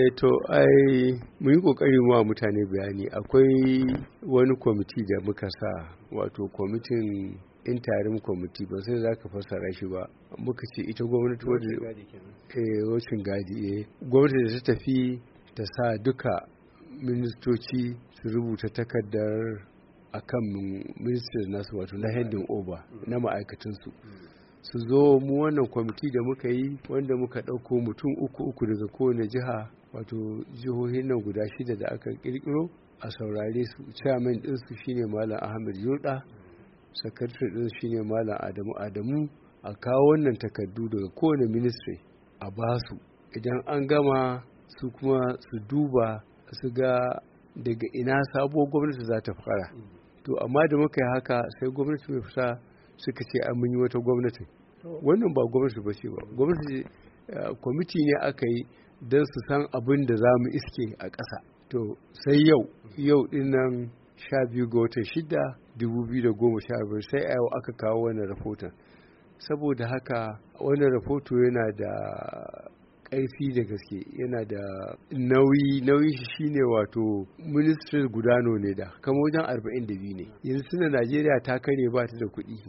eh to ai mu yi kokari wa mutane bayani akwai wani kwamiti da muka sa wato kwamitin interim kwamiti ba sai za fassara shi ba muka ce ita gwamnati wadda eh wacin gadi eh gwamnati da ta tafi ta sa duka ministoci su rubuta takardar akan ministers nasu wato na handing over na ma'aikatansu su zo mu wannan kwamiti da muka yi wanda muka ɗauko mutum uku uku daga kowane jiha wato jihohin nan guda shida da aka kirkiro a saurare su chairman ɗinsu shine malam ahmed yurda sakatare ɗin shine malam adamu adamu a kawo wannan takardu daga kowane ministry a basu idan an gama su kuma su duba su ga daga ina sabuwar gwamnati za ta fara to amma da muka yi haka sai gwamnati mai fusa suka ce an yi wata gwamnati wannan ba gwamnati ba ce ba gwamnati eh, kwamiti ne aka yi don su san abin da za mu iske a ƙasa to sai yau yau dinnan sha biyu ga watan shida dubu biyu da goma sha biyar sai a yau aka kawo wannan rahoton saboda haka wannan rahoto yana da ƙarfi da gaske yana da nauyi nauyi shi ne wato ministry gudano ne da kama wajen 42 ne yanzu suna najeriya ta kare ba ta da kuɗi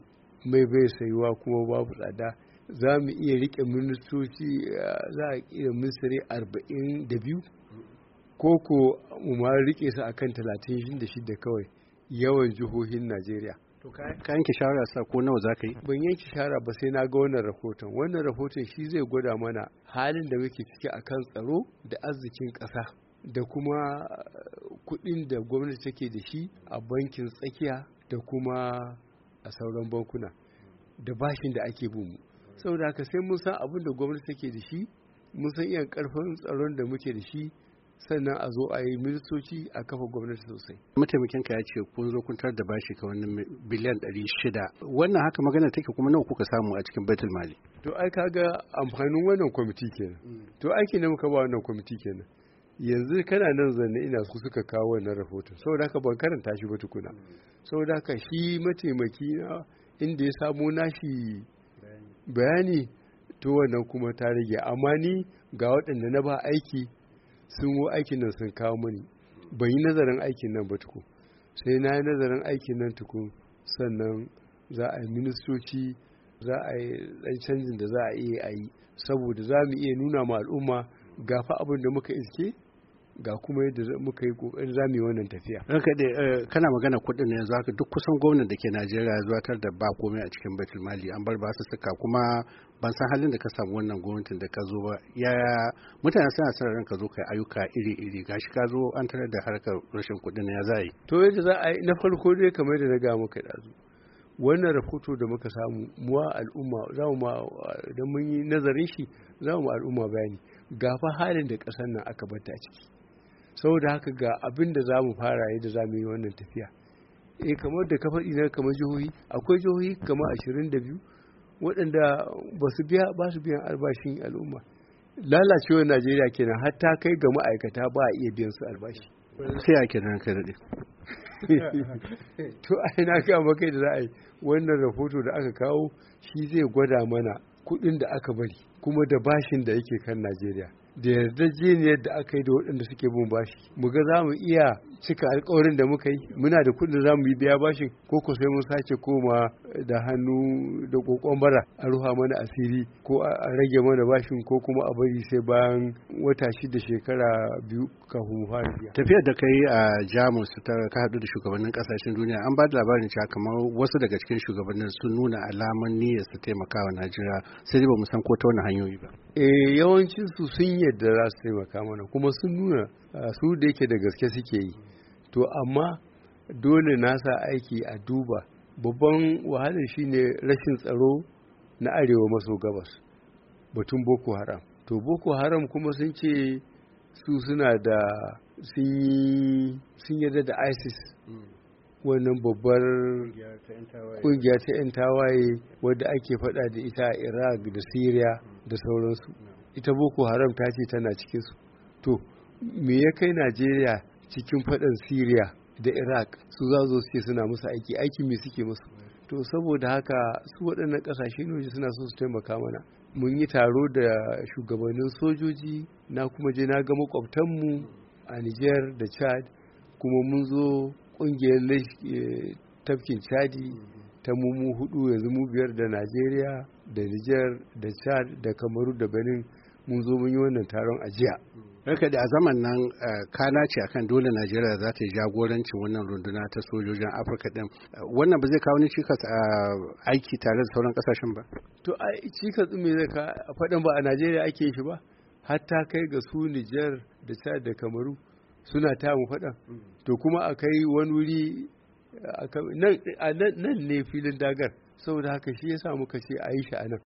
mai bai sayuwa kuma babu tsada za mu iya rike ministoci eh, za a iya ministare 42 ko ko mu ma rike su akan 36 kawai yawan jihohin Najeriya to ka yanke shawara sa ko nawa zaka yi ban yanke shahara ba sai na ga wannan rahoton wannan rahoton shi zai gwada mana halin da muke ciki akan tsaro da arzikin ƙasa da kuma eh, kuɗin da gwamnati take da shi a bankin tsakiya da kuma a sauran bankuna da bashin da ake bin mu saboda haka sai mun san abin da gwamnati take da shi mun san iyan karfin tsaron da muke da shi sannan a zo a yi ministoci a kafa gwamnati sosai. Mataimakin ka ya ce kun zo kun tar da bashi ka wannan biliyan ɗari shida. Wannan haka magana take kuma nawa kuka samu a cikin Baitul Mali. To ai kaga amfanin wannan kwamiti kenan. Mm. To aiki ne muka ba wannan kwamiti kenan. Yanzu kana nan zanne ina su suka kawo wannan rahoton. Saboda haka ban karanta shi ba tukuna. Mm. Saboda haka shi mataimaki na inda ya samu nashi bayani to wannan kuma ta rage amma ni ga waɗanda na ba aiki sun wo aikin nan sun kawo mani ban yi nazarin aikin nan ba tuku sai na yi nazarin aikin nan tuku sannan za a yi ministoci za a yi ɗan canjin da za a iya a yi saboda za mu iya nuna ma al'umma gafa abin da muka iske ga kuma yadda muka yi kokarin zamu yi wannan tafiya ranka da eh, kana magana kuɗin ne yanzu haka duk kusan gwamnati da ke Najeriya zuwatar da ba komai a cikin baitul mali an bar ba su suka kuma ban san halin da ka samu wannan gwamnatin da ka zo ba ya mutane suna son ran ka zo kai ayyuka iri-iri gashi ka zo an tarar da harkar rashin kuɗin ya za yi to yadda za a yi na farko dai kamar da na ga maka dazu wannan rahoto da muka samu muwa al'umma za mu idan mun yi nazarin shi za mu al'umma bayani gafa halin da ƙasar nan aka bata ciki saboda haka ga abin da za mu fara yadda za mu yi wannan tafiya e kamar da kafa na kamar jihohi akwai jihohi kamar ashirin da biyu waɗanda ba su biya ba su biyan albashin al'umma lalacewar najeriya kenan har ta kai ga ma'aikata ba a iya biyan su albashi sai a kenan ka daɗe to ai na ga maka da za a yi wannan rahoto da aka kawo shi zai gwada mana kuɗin da aka bari kuma da bashin da yake kan najeriya da yarjejeniyar yadda aka yi da waɗanda suke bin bashi mu ga za mu iya cika alkawarin da muka yi muna da kuɗin za mu yi biya bashin ko ko sai mun sace koma da hannu da kokon bara a ruha mana asiri ko a rage mana bashin ko kuma a bari sai bayan wata shida shekara biyu kafin mu fara biya tafiyar da kai a jamus ta ka haɗu da shugabannin ƙasashen duniya an ba da labarin cewa kamar wasu daga cikin shugabannin sun nuna alaman niyyar su taimakawa najeriya sai dai ba mu san ko ta wani hanyoyi ba eh yawancin su sun yi yadda za su taimaka mana kuma sun nuna ah, su da yake da gaske suke yi to amma dole nasa aiki a duba babban wahalar shine rashin tsaro na arewa maso gabas batun boko haram to boko haram kuma sun ce su suna da sun yadda da isis hmm. wannan babbar kungiya ta 'yan tawaye wadda ake fada da ita a iraq da syria da sauransu hmm. ita boko haram ta ce tana cikin su to me ya kai najeriya cikin faɗan syria da iraq su za zo suke suna musu aiki aiki me suke musu to saboda haka su waɗannan ƙasashe waje suna so su taimaka mana mun yi taro da shugabannin sojoji na kuma je na ga makwabtanmu a niger da chad kuma mun zo ƙungiyar eh, tafkin chadi ta mu hudu yanzu mu biyar da najeriya da niger da chad da kamaru da benin mun zo mun yi wannan taron ajiya Raka da a zaman nan eh, kana ce akan dole Najeriya za ta yi jagorancin wannan runduna ta sojojin Afirka din. Wannan ba zai kawo ni cikas a aiki tare da sauran kasashen ba. To a cikas me zai ka faɗin ba a Najeriya ake shi ba. Hatta kai ga su Nijar da Chad da Kamaru suna ta mu faɗan. To kuma a kai wani wuri nan ne filin dagar. Saboda haka shi ya sa muka ce a yi shi a nan.